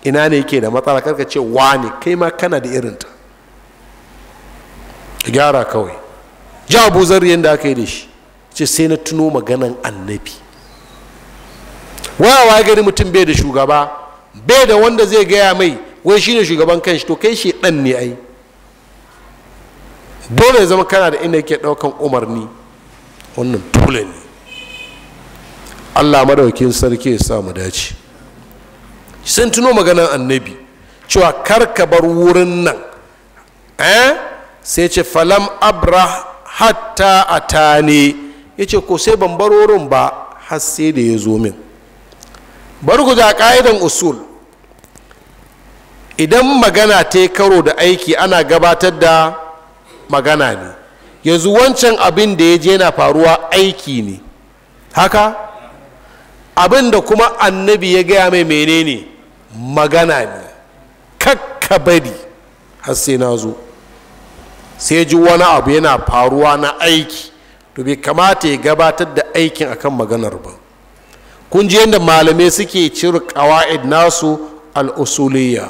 ina ne yake da matsala karka ce ne kai ma kana da irinta gyara kawai ja abu zarri yadda aka yi da shi ce sai na tuno maganan annabi wayawa gani mutum bai da shugaba bai da wanda zai gaya mai wai shine shugaban kanshi to kai shi dan ne ai dole ya zama kana da inda yake daukan umarni wannan dole ne allah madaukin sarki ya sa mu dace sun tuno maganar annabi cewa kar ka bar wurin nan eh sai ce falam abra hatta atani ya ce ko sai ban bar wurin ba har sai da ya zo min bar ku ja ka'idan usul idan magana ta yi karo da aiki ana gabatar da magana ne yanzu wancan abin da ya je yana faruwa aiki ne haka abin da kuma annabi ya gaya mai menene magana ne kakka bari har sai na zo sai ji wani abu yana faruwa na aiki to bai kamata ya gabatar da aikin akan maganar ba kun ji yadda malamai suke cire ƙawa'id nasu al'usuliya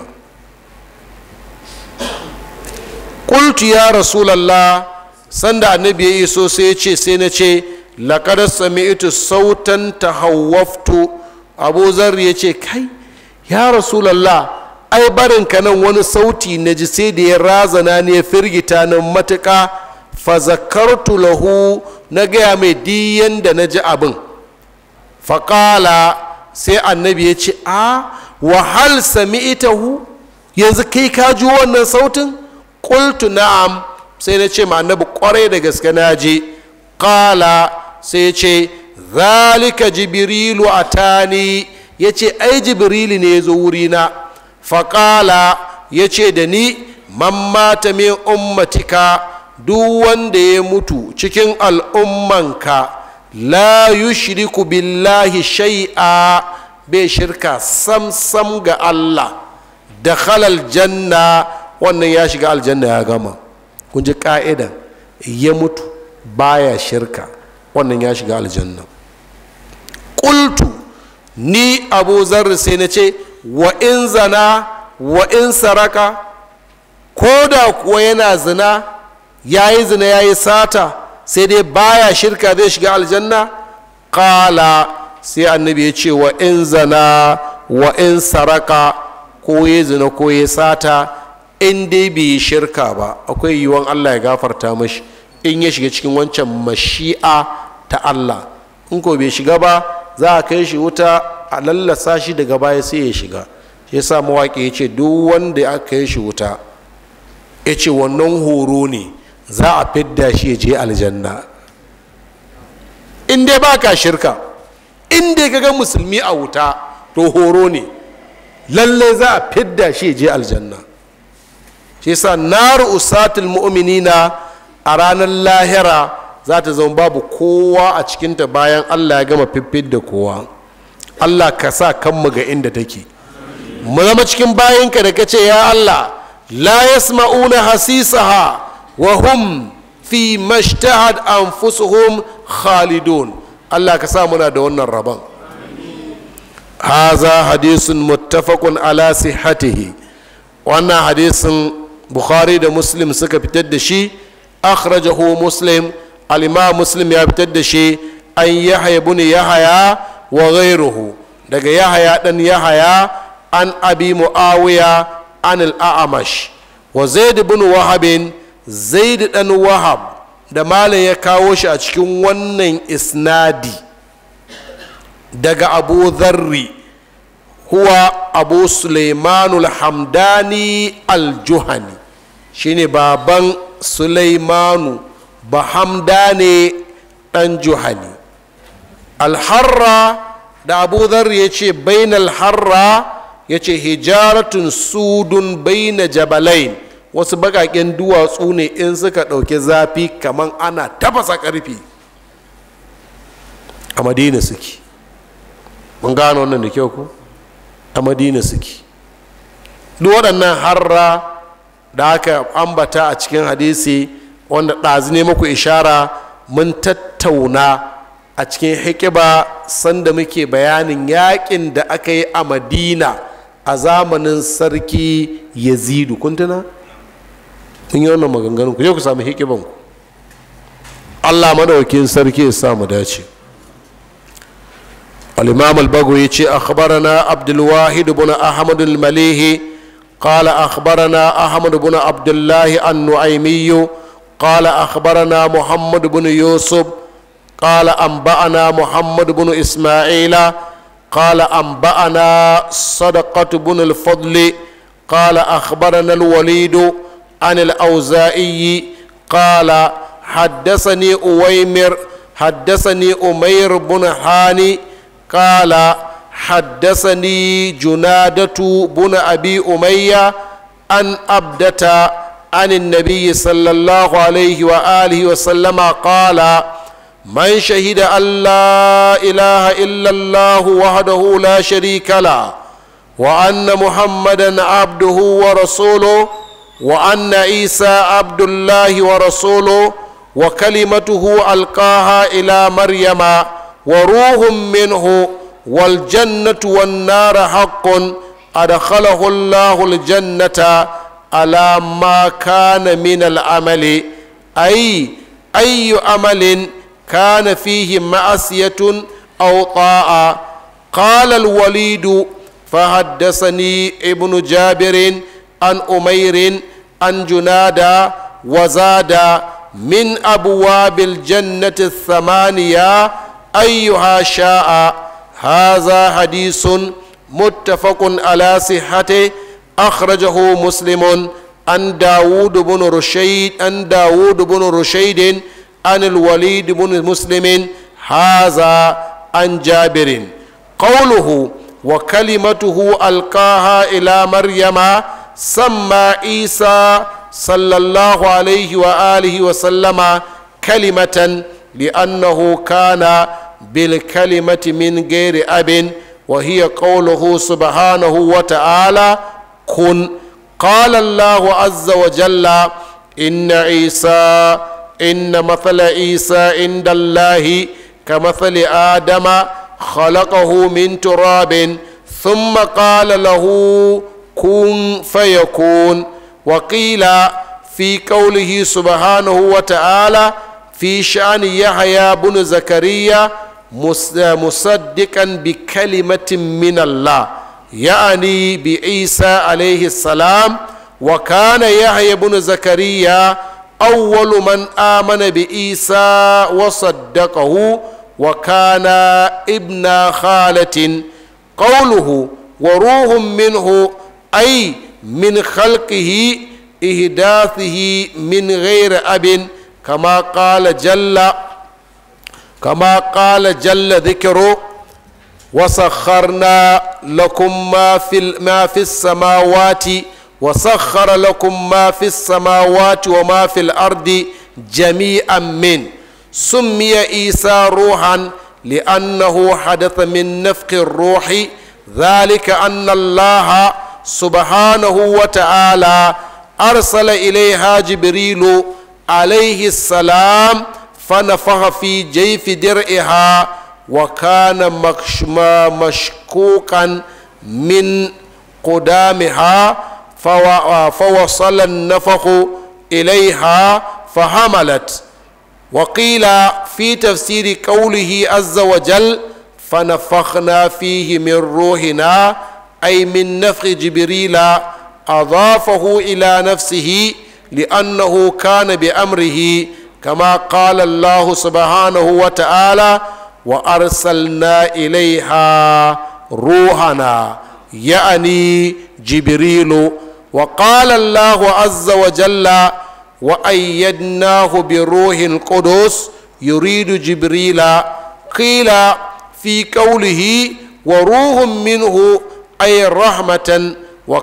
kultu ya rasulallah sanda annabi ya iso sai ce sai na ce laƙar sami'tu sautan tahawwaftu abu zar ya ce kai ya rasulallah ai ka nan wani sauti na ji sai da ya razana ne ya firgita nan matuƙa fazakartu lahu na gaya mai diyan da na ji abin faƙala sai annabi ya ce a wahal hu yanzu kai ka ji wannan sautin qultu na'am sai na ce ma annabi kwarai da gaske na je ƙala sai ya ce zalika jibrilu atani ya ce ai jibrilu ne ya zo wurina faƙala ya ce da ni mammata min ummatika duk wanda ya mutu cikin al'ummanka la yushriku billahi shai'a bai shirka samsam ga Allah da halal janna wannan ya shiga aljanna ya gama kun ji ka'idan ya mutu baya shirka wannan ya shiga aljanna ƙultu ni abu zarri sai na ce wa in zana wa in saraka ko da kuwa yana zina ya yi zina ya yi sata sai dai baya shirka zai shiga aljanna ƙala sai annabi ya ce wa in zana wa in saraka ko ya zina ko ya sata in dai bai shirka ba akwai yiwuwan allah ya gafarta mashi in ya shiga cikin wancan mashi'a ta Allah in ko bai shiga ba za a kai shi wuta a lallasa shi daga baya sai ya shiga shi yasa mawaƙi ya ce duk wanda ya kai shi wuta ya ce wannan horo ne za a fidda shi ya je aljanna in dai ba ka shirka in dai ka ga musulmi a wuta to horo ne lallai za a fidda shi ya je aljanna shi yasa naru usatul mu'minina a ranar lahira za ta zama babu kowa a cikinta bayan allah ya gama fiffid da kowa allah ka sa kanmu ga inda take mu zama cikin bayanka da ka ce ya allah la yasma'una hasisaha wa hum fi mashtahad anfusuhum khalidun allah ka sa muna da wannan rabon haza hadisun muttafaqun ala sihhatihi wannan hadisin bukhari da muslim suka fitar da shi akhrajahu muslim alima muslim ya fitar da shi an ne ya yahaya wa ghairuhu daga yahaya dan yahaya an abi muawiya an al-a'mash wa zaid bin zai da dan wahab da malam ya kawo shi a cikin wannan isnadi daga abu zarri huwa abu suleimanu hamdani aljuhani juhani shine baban suleimanu bahamda ne ɗan juhani alharra da abu zar ya ce bainal alharra ya ce hijaratun sudun baina jabalain wasu baƙaƙen duwatsu ne in suka ɗauki zafi kamar ana tafasa ƙarfi a madina suke mun gano wannan da kyau ku a madina suke duk waɗannan harra da aka ambata a cikin hadisi wanda ɗazu ne muku ishara mun tattauna a cikin hikiba sanda muke bayanin yakin da aka yi a madina a zamanin sarki yazidu kuntuna kun yi wannan maganganun ku je ku samu hikiban ku allah madaukin sarki ya sa mu dace al-imam al-bagwi yace akhbarana abdul wahid ibn na al-malihi qala akhbarana ahmad ibn abdullah an-nu'aymi قال أخبرنا محمد بن يوسف قال أنبأنا محمد بن إسماعيل قال أنبأنا صدقة بن الفضل قال أخبرنا الوليد عن الأوزائي قال حدثني أويمر حدثني أمير بن حاني قال حدثني جنادة بن أبي أمية أن أبدت عن النبي صلى الله عليه وآله وسلم قال من شهد أن لا إله إلا الله وحده لا شريك له وأن محمدا عبده ورسوله وأن عيسى عبد الله ورسوله وكلمته ألقاها إلى مريم وروح منه والجنة والنار حق أدخله الله الجنة ala ma kana min al'amali ai ayyu amalin kana fihi ma'asiyatun aw ta'a qala al-walid fa haddathani ibnu jabirin an umairin an junada wazada من أبواب jannati الثمانية ayyuha sha'a هذا حديث متفق ala صحته akhrajahu muslimun an dawud bin rushayd an dawud bin rushayd haza an jabirin qawluhu wa kalimatuhu alqaha ila maryama samma isa sallallahu alaihi wa alihi wa sallama kalimatan li'annahu kana bil kalimati min gairi abin wahiya ƙauluhu qawluhu subhanahu wa ta'ala كن قال الله عز وجل إن عيسى إن مثل عيسى عند الله كمثل آدم خلقه من تراب ثم قال له كن فيكون وقيل في قوله سبحانه وتعالى في شأن يحيى بن زكريا مصدقا بكلمة من الله ya'ani bi isa alaihi salam wa kana yahya ibn zakariya awwalu man amana bi isa wa saddaqahu wa kana ibna khalatin qawluhu wa ruhun minhu ay min khalqihi ihdathihi min ghairi abin kama qala jalla kama qala jalla dhikru وسخرنا لكم ما في ما في السماوات وسخر لكم ما في السماوات وما في الأرض جميعا من سمي عيسى روحا لأنه حدث من نفخ الروح ذلك أن الله سبحانه وتعالى أرسل إليها جبريل عليه السلام فنفخ في جيف درعها wa kana mashkukan min qudamiha فوصل النفخ إليها فحملت وقيل في تفسير قوله عز وجل فنفخنا فيه من روحنا أي من نفخ جبريل أضافه إلى نفسه لأنه كان بأمره كما قال الله سبحانه وتعالى wa arsalna ilaiha ruhana ya'ani jibrilu wa qala allah azza wa jalla wa ayyadnahu bi ruhin qudus yuridu jibrila ƙila fi qawlihi wa ruhun minhu ay rahmatan wa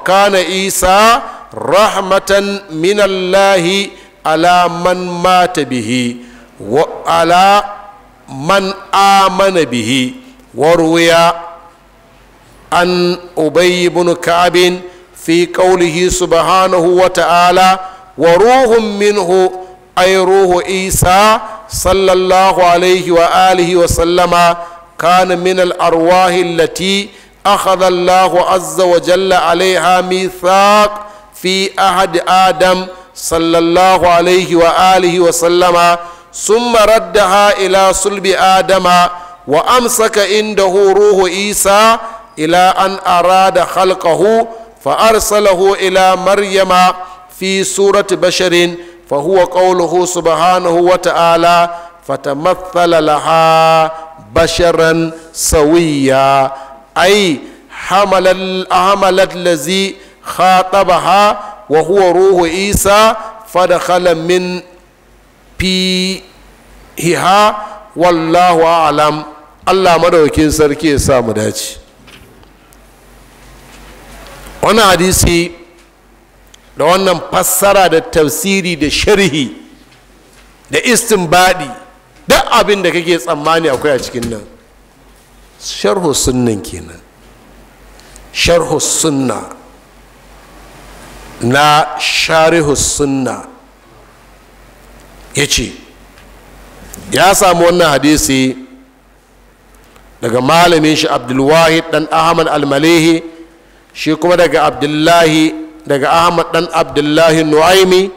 isa rahmatan min allahi ala man mata bihi wa ala man amana bihi warwiya an ubay ibn ka'ab fi qawlihi subhanahu wa ta'ala wa ruhun minhu ay ruhu isa sallallahu alaihi wa alihi wa sallama kana min al arwahi allati akhadha allah azza wa jalla alaiha mithaq fi ahad adam sallallahu alaihi wa wa sallama sun marar da ha ila sulbi adama wa amsaka inda ruhu isa ila an ara da halkahu fa arsalahu ila maryama fi surati basharin fa huwa qawluhu subhanahu wa ta'ala fatamatthala laha basharan sawiya ai hamalat lazi khatabaha wa huwa ruhu isa fadakhala min fiha wallahu alam allah madaukin sarki ya sa mu dace wannan hadisi da wannan fassara da tafsiri da sharhi da istinbadi duk abin da kake tsammani akwai a cikin nan sharhu sunnan kenan sharhu sunna na sharihu sunna ya ce ya samu wannan hadisi daga malamin shi abdulwahid dan ahmad almalehi shi kuma daga abdullahi daga ahmad dan abdullahi nu'aimi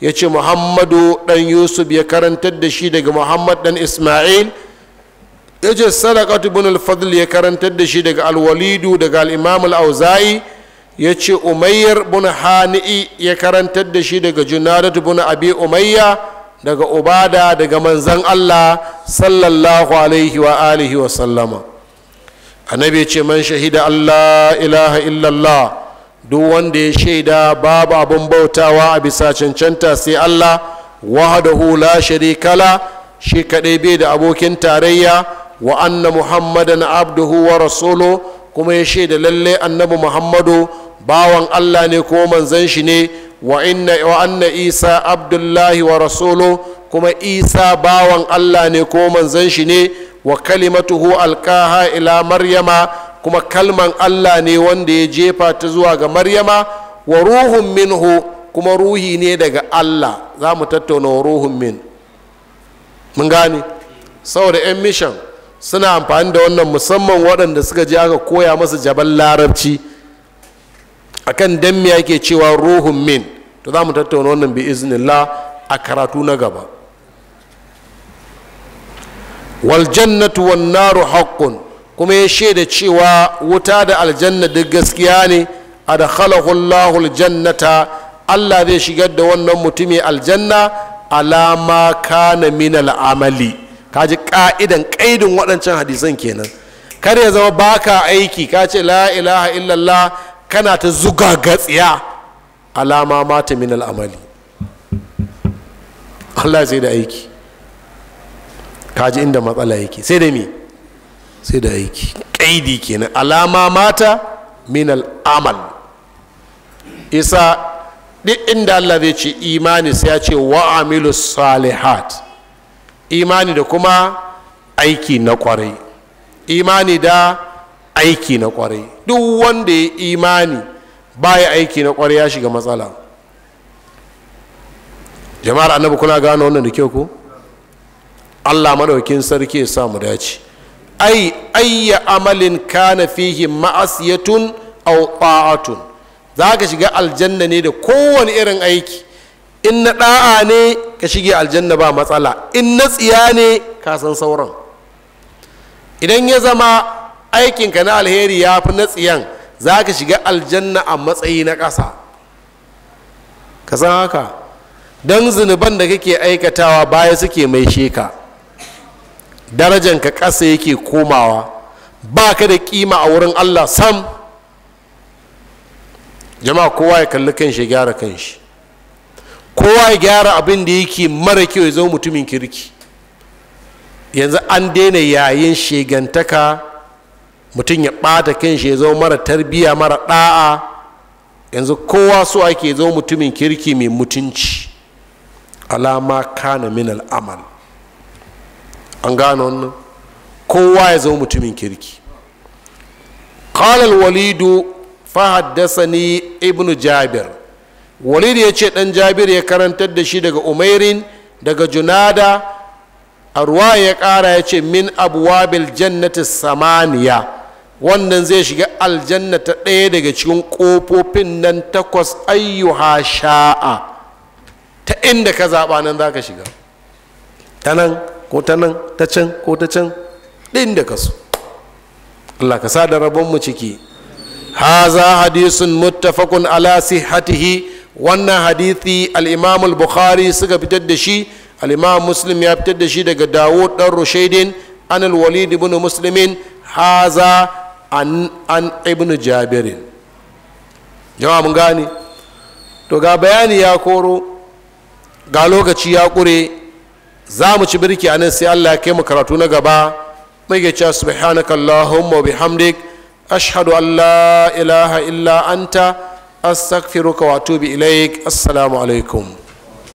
ya ce muhammadu dan yusuf ya karantar da shi daga muhammad dan isma'il ya ce sadaqat ibn al-fadl ya karantar da shi daga al-walidu daga al-imam auzai ya ce umayyar bin hani'i ya karantar da shi daga junadat bin abi umayya daga ubada daga manzan allah sallallahu alaihi wa alihi wa sallama annabi ce man shahida allah ilaha illallah duk wanda ya shaida babu abin bautawa a bisa cancanta sai allah wahdahu la sharikala shi kadai bai da abokin tarayya wa anna muhammadan abduhu wa rasulu kuma ya shaida lalle annabi muhammadu bawan allah ne ko manzan shi ne wa anna isa abdullahi wa rasulu kuma isa bawan allah ne ko manzon shi ne wa kalimatuhu alkaha ila maryama kuma kalman allah ne wanda ya jefa ta zuwa ga maryama wa ruhun minhu kuma ruhi ne daga allah za mu tattauna wa ruhun min mun gane saboda 'yan mission suna amfani da wannan musamman waɗanda suka je aka koya masu jabal larabci akan dan me yake cewa ruhun min to za mu tattauna wannan bi iznillah a karatu na gaba wal jannatu wan naru haqqun kuma ya shaida cewa wuta da aljanna duk gaskiya ne adkhalahu Allahu aljannata Allah zai shigar da wannan mutumi aljanna alama kana min al'amali kaji ka'idan kaidin waɗancan hadisan kenan kar ya zama baka aiki ka ce la ilaha illallah kana ta zuga gatsiya alama mata min al'amali allah sai da aiki kaji inda matsala yake sai da mi sai da aiki kaidi kenan alama mata min al'amal isa duk inda allah zai ce imani sai ya ce wa amilu salihat imani da kuma aiki na kwarai imani da aiki na kwarai duk wanda ya imani baya aiki na ƙwarya ya shiga matsala jama'ar annabi kuna gano wannan da kyau ko allah maɗaukin sarki ya sa dace ai ayya amalin kana fihi ma'asiyatun aw ta'atun za ka shiga aljanna ne da kowane irin aiki in na ɗa'a ne ka shige aljanna ba matsala in na tsiya ne ka san sauran idan ya zama aikinka na alheri ya fi na tsiyan za ka shiga aljanna a matsayi na ƙasa ka san haka don zunuban da kake aikatawa baya suke mai sheka darajanka ƙasa yake komawa ba ka da kima a wurin allah sam jama'a kowa ya kalli kanshi gyara kanshi kowa ya gyara abin da yake mara kyau ya zama mutumin kirki yanzu an daina yayin shegantaka mutum ya ɓata kan shi ya zo mara tarbiyya mara ɗa'a yanzu kowa so ake zo mutumin kirki mai mutunci alama kana min al'amal an gano wannan kowa ya zo mutumin kirki qalal walidu fahaddasani ibnu jabir walid ya ce dan jabir ya karantar da shi daga umairin daga junada a ruwa ya ƙara ya ce min abuwabil jannati samaniya wannan zai shiga aljanna ta ɗaya daga cikin ƙofofin nan takwas ayyuha sha'a ta inda ka zaɓa nan za ka shiga ta nan ko ta nan ta can ko ta can ɗin da ka so allah ka sa da rabonmu ciki haza hadisun muttafaqun ala sihhatihi wannan hadithi al-imam al-bukhari suka fitar da shi al-imam muslim ya fitar da shi daga dawud dan rushaidin an al-walid ibn muslimin haza an an ibnu jabirin jama'a mun gane to ga bayani ya koro ga lokaci ya kure za mu ci birki a nan sai allah ya kai mu karatu na gaba muke cewa subhanaka allahumma wa bihamdik ashhadu an la ilaha illa anta astaghfiruka wa atubu ilaik assalamu alaikum